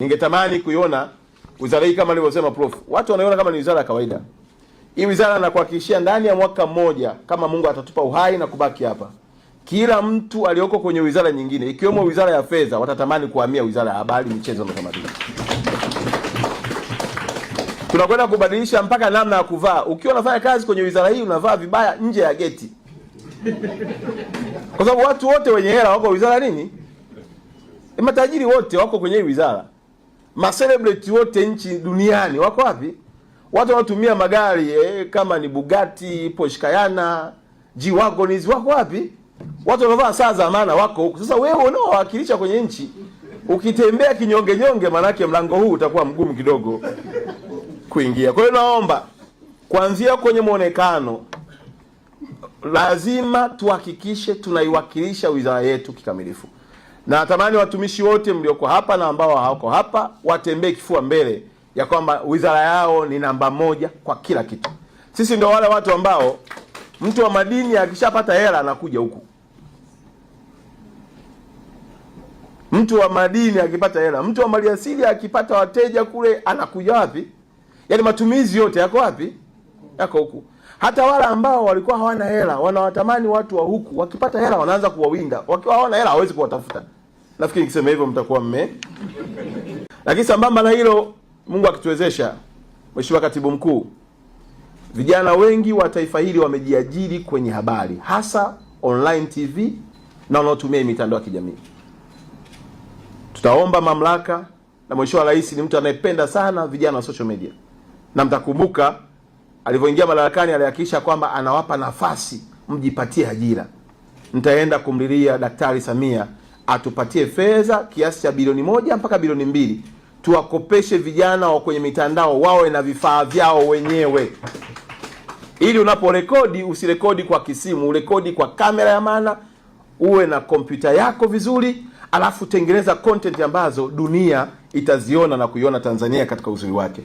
Ningetamani kuiona wizara hii kama alivyosema Prof, watu wanaiona kama ni wizara ya kawaida. Hii wizara nakuhakikishia, ndani ya mwaka mmoja, kama Mungu atatupa uhai na kubaki hapa, kila mtu aliyoko kwenye wizara nyingine ikiwemo wizara ya fedha watatamani kuhamia wizara ya habari, michezo na utamaduni. Tunakwenda kubadilisha mpaka namna ya kuvaa. Ukiwa unafanya kazi kwenye wizara hii unavaa vibaya nje ya geti, kwa sababu watu wote wenye hela wako wizara nini, e matajiri wote wako kwenye hii wizara. Macelebrity wote nchi duniani wako wapi? Watu wanaotumia magari eh, kama ni Bugatti, Porsche Cayenne, G-Wagon hizi wako wapi? Watu wanavaa saa za maana wako huko. Sasa wewe unaowakilisha kwenye nchi ukitembea kinyonge nyonge, maanake mlango huu utakuwa mgumu kidogo kuingia. Kwa hiyo naomba kuanzia kwenye mwonekano lazima tuhakikishe tunaiwakilisha wizara yetu kikamilifu na natamani watumishi wote mlioko hapa na ambao hawako hapa watembee kifua mbele ya kwamba wizara yao ni namba moja kwa kila kitu. Sisi ndio wale watu ambao mtu wa madini akishapata hela anakuja huku, mtu wa madini akipata hela, mtu wa maliasili akipata wateja kule anakuja wapi? Yaani matumizi yote yako wapi? Yako huku. Hata wale ambao walikuwa hawana hela wanawatamani watu wa huku, wakipata hela wanaanza kuwawinda, wakiwa hawana hela hawezi kuwatafuta. Nafikiri nikisema hivyo mtakuwa mme. Lakini sambamba na hilo, Mungu akituwezesha, Mheshimiwa Katibu Mkuu, vijana wengi wa taifa hili wamejiajiri kwenye habari, hasa online TV na wanaotumia mitandao ya kijamii. Tutaomba mamlaka, na Mheshimiwa Rais ni mtu anayependa sana vijana wa social media, na mtakumbuka alivyoingia madarakani alihakikisha kwamba anawapa nafasi mjipatie ajira. Nitaenda kumlilia Daktari Samia atupatie fedha kiasi cha bilioni moja mpaka bilioni mbili tuwakopeshe vijana wa kwenye mitandao wawe na vifaa vyao wenyewe, ili unaporekodi usirekodi kwa kisimu, urekodi kwa kamera ya maana, uwe na kompyuta yako vizuri, alafu tengeneza content ambazo dunia itaziona na kuiona Tanzania katika uzuri wake.